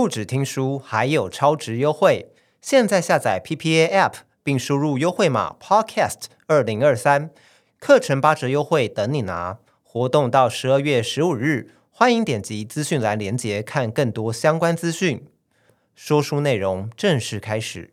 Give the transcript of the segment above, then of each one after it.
不止聽書，還有超值優惠。現在下載 P P A App，並輸入優惠碼 Podcast 二零二三，課程八折優惠等你拿。活動到十二月十五日，歡迎點擊資訊欄鏈接看更多相關資訊。說書內容正式開始。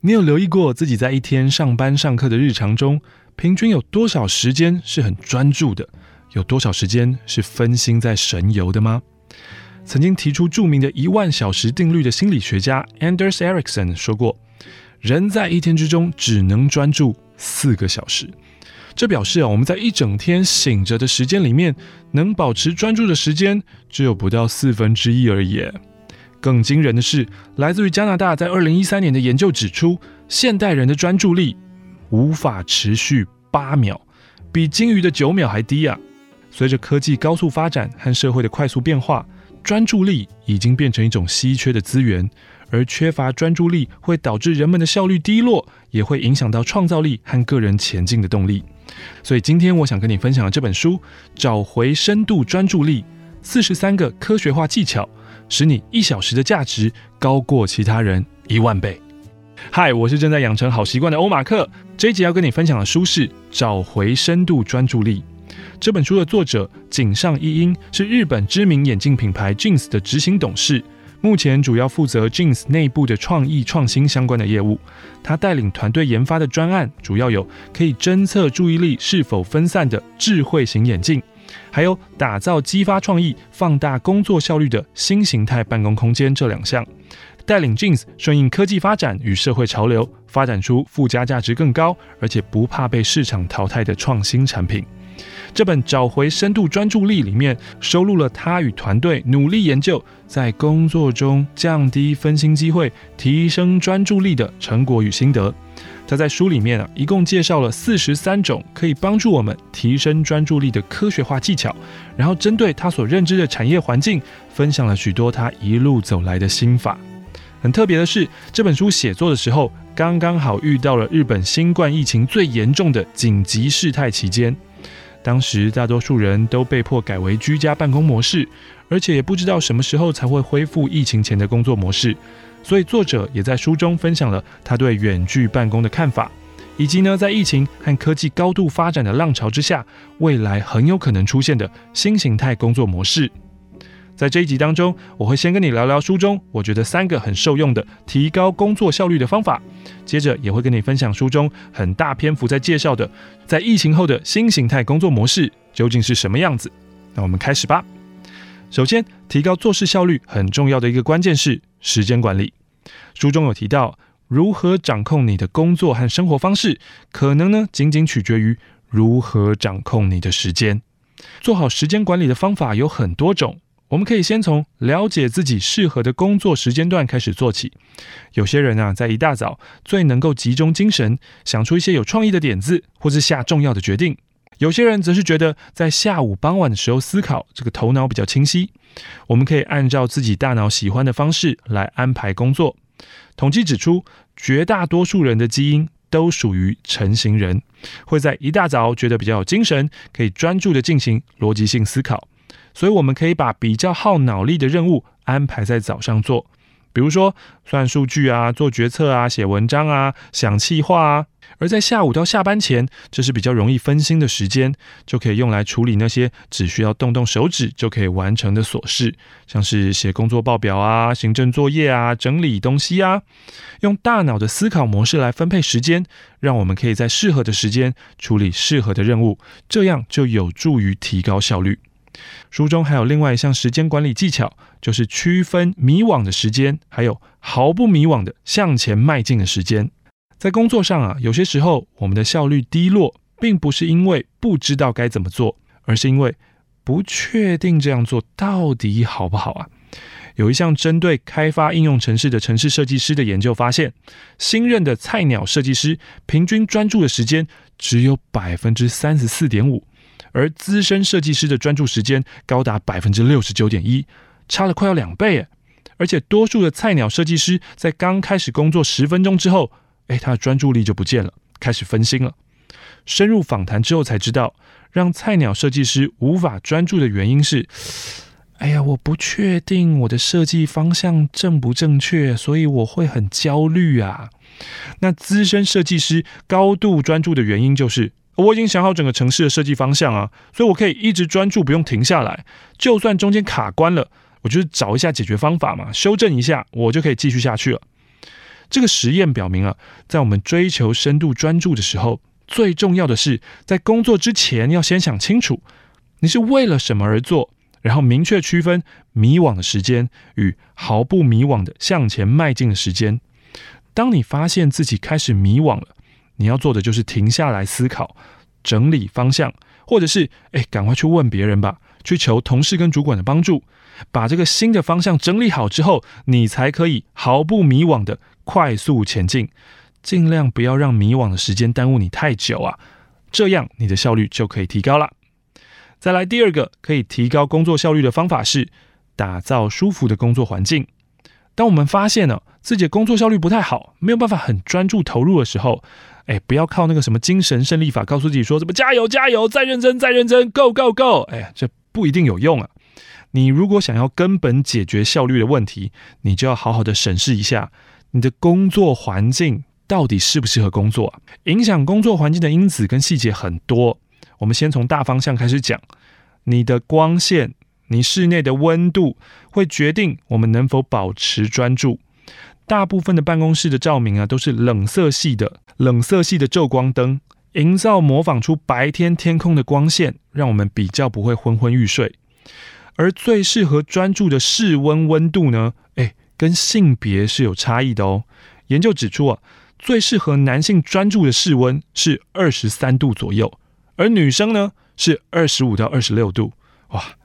你有留意過自己在一天上班上課的日常中，平均有多少時間是很專注的？有多少時間是分心在神遊的嗎？曾經提出著名的一萬小時定律的心理學家 Anders Ericsson 說過，人在一天之中只能專注四個小時。這表示啊，我們在一整天醒着的時間裡面，能保持專注的時間只有不到四分之一而已。更驚人的是，來自於加拿大在二零一三年的研究指出，現代人的專注力無法持續八秒，比金魚的九秒還低啊！隨着科技高速發展和社會的快速變化，專注力已經變成一種稀缺的資源。而缺乏專注力會導致人們的效率低落，也會影響到創造力和個人前進的動力。所以今天我想跟你分享的這本書《找回深度專注力》，四十三個科學化技巧，使你一小時的價值高過其他人一萬倍。嗨，我是正在養成好習慣的歐馬克，這一集要跟你分享的書是《找回深度專注力》。這本書的作者井上一英是日本知名眼鏡品牌 JINS 的執行董事，目前主要負責 JINS 內部的創意創新相關的業務。他帶領團隊研發的專案主要有可以偵測注意力是否分散的智慧型眼鏡，還有打造激發創意、放大工作效率的新形態辦公空間這兩項。帶領 JINS 順應科技發展與社會潮流，發展出附加價值更高，而且不怕被市場淘汰的創新產品。這本《找回深度專注力》裡面收錄了他與團隊努力研究，在工作中降低分心機會、提升專注力的成果與心得。他在書裡面啊，一共介紹了四十三種可以幫助我們提升專注力的科學化技巧，然後針對他所認知的產業環境，分享了許多他一路走來的心法。很特別的是，這本書寫作的時候，剛剛好遇到了日本新冠疫情最嚴重的緊急事態期間。當時大多數人都被迫改為居家辦公模式，而且也不知道什麼時候才會恢復疫情前的工作模式。所以作者也在書中分享了他對遠距辦公的看法，以及呢，在疫情和科技高度發展的浪潮之下，未來很有可能出現的新形態工作模式。在這一集當中，我會先跟你聊聊書中我覺得三個很受用的提高工作效率的方法，接着也會跟你分享書中很大篇幅在介紹的，在疫情後的新形態工作模式究竟是什麼樣子。那我們開始吧。首先，提高做事效率很重要的一個關鍵是時間管理。書中有提到，如何掌控你的工作和生活方式，可能呢，僅僅取決於如何掌控你的時間。做好時間管理的方法有很多種。我們可以先從了解自己適合的工作時間段開始做起。有些人啊，在一大早最能夠集中精神，想出一些有創意的點子，或是下重要的決定。有些人則是覺得在下午傍晚的時候思考，這個頭腦比較清晰。我們可以按照自己大腦喜歡的方式來安排工作。統計指出，絕大多數人的基因都屬於晨型人，會在一大早覺得比較有精神，可以專注地進行邏輯性思考。所以我們可以把比較耗腦力的任務安排在早上做，比如說算數據啊、做決策啊、寫文章啊、想企劃啊。而在下午到下班前，這是比較容易分心的時間，就可以用來處理那些只需要動動手指就可以完成的瑣事，像是寫工作報表啊、行政作業啊、整理東西啊。用大腦的思考模式來分配時間，讓我們可以在適合的時間處理適合的任務，這樣就有助於提高效率。書中還有另外一項時間管理技巧，就是區分迷惘的時間，還有毫不迷惘的向前邁進的時間。在工作上啊，有些時候我們的效率低落，並不是因為不知道該怎麼做，而是因為不確定這樣做到底好不好啊。有一項針對開發應用程式的程式設計師的研究發現，新任的菜鳥設計師平均專注的時間只有百分之三十四點五。而資深設計師的專注時間高達百分之六十九點一，差了快要兩倍誒，而且多數的菜鳥設計師在剛開始工作十分鐘之後，誒、欸，他的專注力就不見了，開始分心了。深入訪談之後才知道，讓菜鳥設計師無法專注的原因是：哎呀，我不確定我的設計方向正不正確，所以我會很焦慮啊。那資深設計師高度專注的原因就是。我已經想好整個城市的設計方向啊，所以我可以一直專注，不用停下來。就算中間卡關了，我就是找一下解決方法嘛，修正一下，我就可以繼續下去了。這個實驗表明啊，在我們追求深度專注的時候，最重要的是在工作之前要先想清楚你是為了什麼而做，然後明確區分迷惘的時間與毫不迷惘的向前邁進的時間。當你發現自己開始迷惘了，你要做的就是停下來思考，整理方向，或者是欸，趕快去問別人吧，去求同事跟主管的幫助，把這個新的方向整理好之後，你才可以毫不迷惘的快速前進。盡量不要讓迷惘的時間耽誤你太久啊，這樣你的效率就可以提高了。再來第二個可以提高工作效率的方法是打造舒服的工作環境。當我們發現呢，自己的工作效率不太好，沒有辦法很專注投入的時候，哎，不要靠那個什麼精神勝利法，告訴自己說什麼加油加油，再認真再認真，Go Go Go！哎，這不一定有用啊。你如果想要根本解決效率的問題，你就要好好的審視一下你的工作環境到底適不適合工作啊。影響工作環境的因子跟細節很多，我們先從大方向開始講，你的光線。你室內的溫度會決定我們能否保持專注。大部分的辦公室的照明啊，都是冷色系的冷色系的晝光燈，營造模仿出白天天空的光線，讓我們比較不會昏昏欲睡。而最適合專注的室溫溫度呢？哎，跟性別是有差異的哦。研究指出啊，最適合男性專注的室溫是二十三度左右，而女生呢是二十五到二十六度。哇！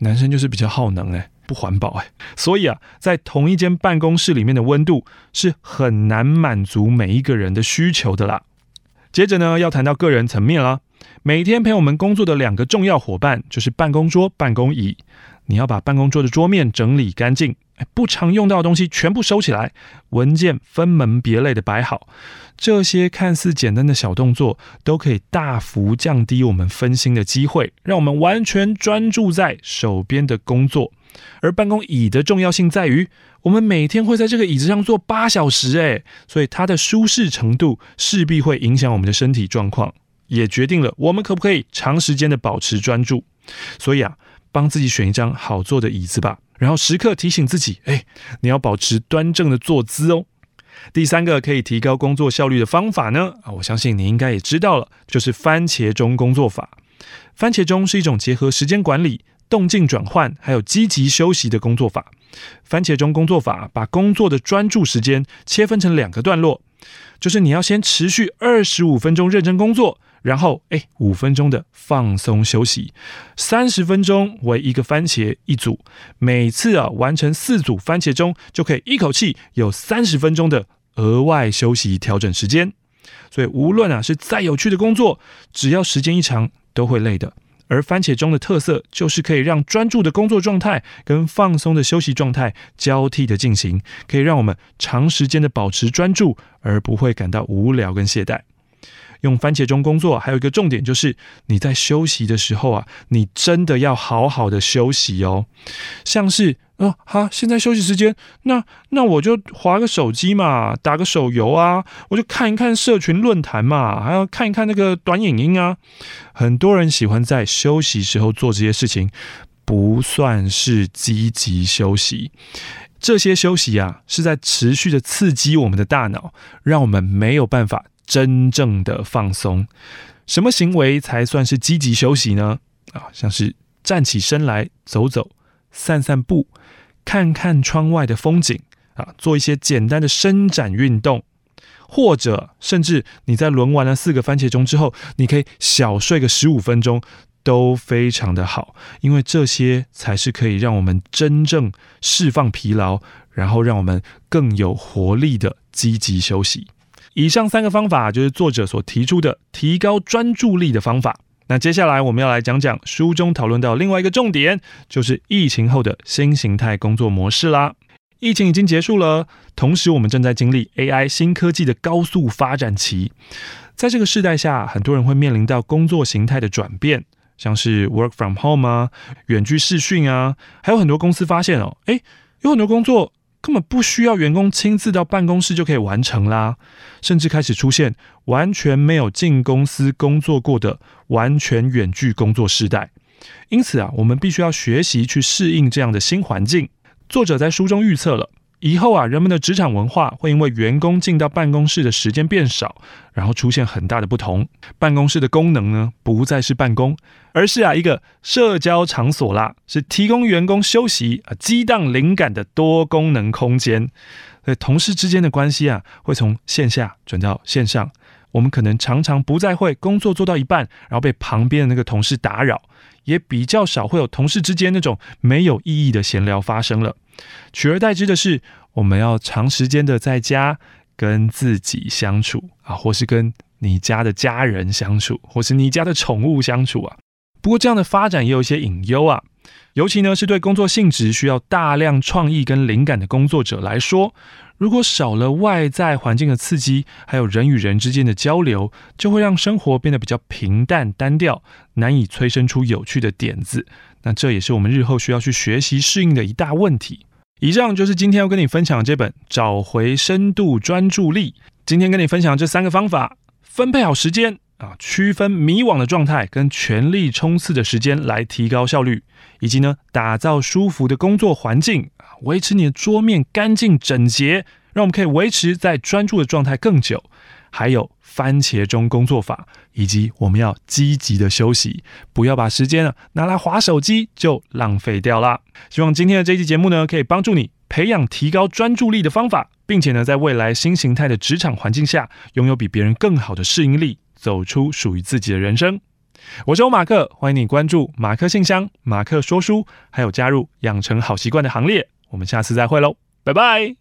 男生就是比較耗能誒、欸，不環保誒、欸。所以啊，在同一間辦公室裡面的溫度是很難滿足每一個人的需求的啦。接着呢，要談到個人層面啦，每天陪我們工作的兩個重要夥伴就是辦公桌、辦公椅。你要把辦公桌的桌面整理乾淨。不常用到的東西全部收起來，文件分門別類的擺好。這些看似簡單的小動作，都可以大幅降低我們分心的機會，讓我們完全專注在手邊的工作。而辦公椅的重要性在於，我們每天會在這個椅子上坐八小時，欸，誒，所以它的舒適程度勢必會影響我們的身體狀況，也決定了我們可不可以長時間的保持專注。所以啊，幫自己選一張好坐的椅子吧。然後時刻提醒自己，哎，你要保持端正的坐姿哦。第三個可以提高工作效率的方法呢，啊，我相信你應該也知道了，就是番茄鐘工作法。番茄鐘是一種結合時間管理、動靜轉換，還有積極休息的工作法。番茄鐘工作法把工作的專注時間切分成兩個段落，就是你要先持續二十五分鐘認真工作。然後，哎，五分鐘的放鬆休息，三十分鐘為一個番茄一組。每次啊完成四組番茄鐘，就可以一口氣有三十分鐘的額外休息調整時間。所以，無論啊是再有趣的工作，只要時間一長都會累的。而番茄鐘的特色就是可以讓專注的工作狀態跟放鬆的休息狀態交替的進行，可以讓我們長時間的保持專注，而不會感到無聊跟懈怠。用番茄鐘工作，還有一個重點就是你在休息的時候啊，你真的要好好的休息哦。像是啊、呃，哈，現在休息時間，那那我就滑個手機嘛，打個手遊啊，我就看一看社群論壇嘛，還要看一看那個短影音啊。很多人喜歡在休息時候做這些事情，不算是積極休息。這些休息啊，是在持續的刺激我們的大腦，讓我們沒有辦法。真正的放鬆，什麼行為才算是積極休息呢？啊，像是站起身來走走、散散步、看看窗外的風景啊，做一些簡單的伸展運動，或者甚至你在輪完了四個番茄鐘之後，你可以小睡個十五分鐘，都非常的好，因為這些才是可以讓我們真正釋放疲勞，然後讓我們更有活力的積極休息。以上三個方法就是作者所提出的提高專注力的方法。那接下來我們要來講講書中討論到另外一個重點，就是疫情後的新形態工作模式啦。疫情已經結束了，同時我們正在經歷 AI 新科技的高速發展期。在這個時代下，很多人會面臨到工作形態的轉變，像是 work from home 啊、遠距視訊啊，還有很多公司發現哦，哎、欸，有很多工作。根本不需要員工親自到辦公室就可以完成啦啊，甚至開始出現完全沒有進公司工作過的完全遠距工作時代。因此啊，我們必須要學習去適應這樣的新環境。作者在書中預測了。以後啊，人們的職場文化會因為員工進到辦公室的時間變少，然後出現很大的不同。辦公室的功能呢，不再是辦公，而是啊一個社交場所啦，是提供員工休息、啊激盪靈感的多功能空間。呃，同事之間的關係啊，會從線下轉到線上。我們可能常常不再會工作做到一半，然後被旁邊的那個同事打擾。也比較少會有同事之間那種沒有意義的閒聊發生了，取而代之的是，我們要長時間的在家跟自己相處啊，或是跟你家的家人相處，或是你家的寵物相處啊。不過這樣的發展也有一些隱憂啊，尤其呢是對工作性質需要大量創意跟靈感的工作者來說。如果少了外在環境的刺激，還有人與人之間的交流，就會讓生活變得比較平淡單調，難以催生出有趣的點子。那這也是我們日後需要去學習適應的一大問題。以上就是今天要跟你分享的這本《找回深度專注力》。今天跟你分享這三個方法：分配好時間啊，區分迷惘的狀態跟全力衝刺的時間來提高效率，以及呢，打造舒服的工作環境。維持你的桌面乾淨整潔，讓我們可以維持在專注的狀態更久。還有番茄鐘工作法，以及我們要積極的休息，不要把時間啊拿來滑手機就浪費掉了。希望今天的這期節目呢，可以幫助你培養提高專注力的方法，並且呢，在未來新形態的職場環境下，擁有比別人更好的適應力，走出屬於自己的人生。我是歐馬克，歡迎你關注馬克信箱、馬克說書，還有加入養成好習慣的行列。我們下次再會嘍，拜拜。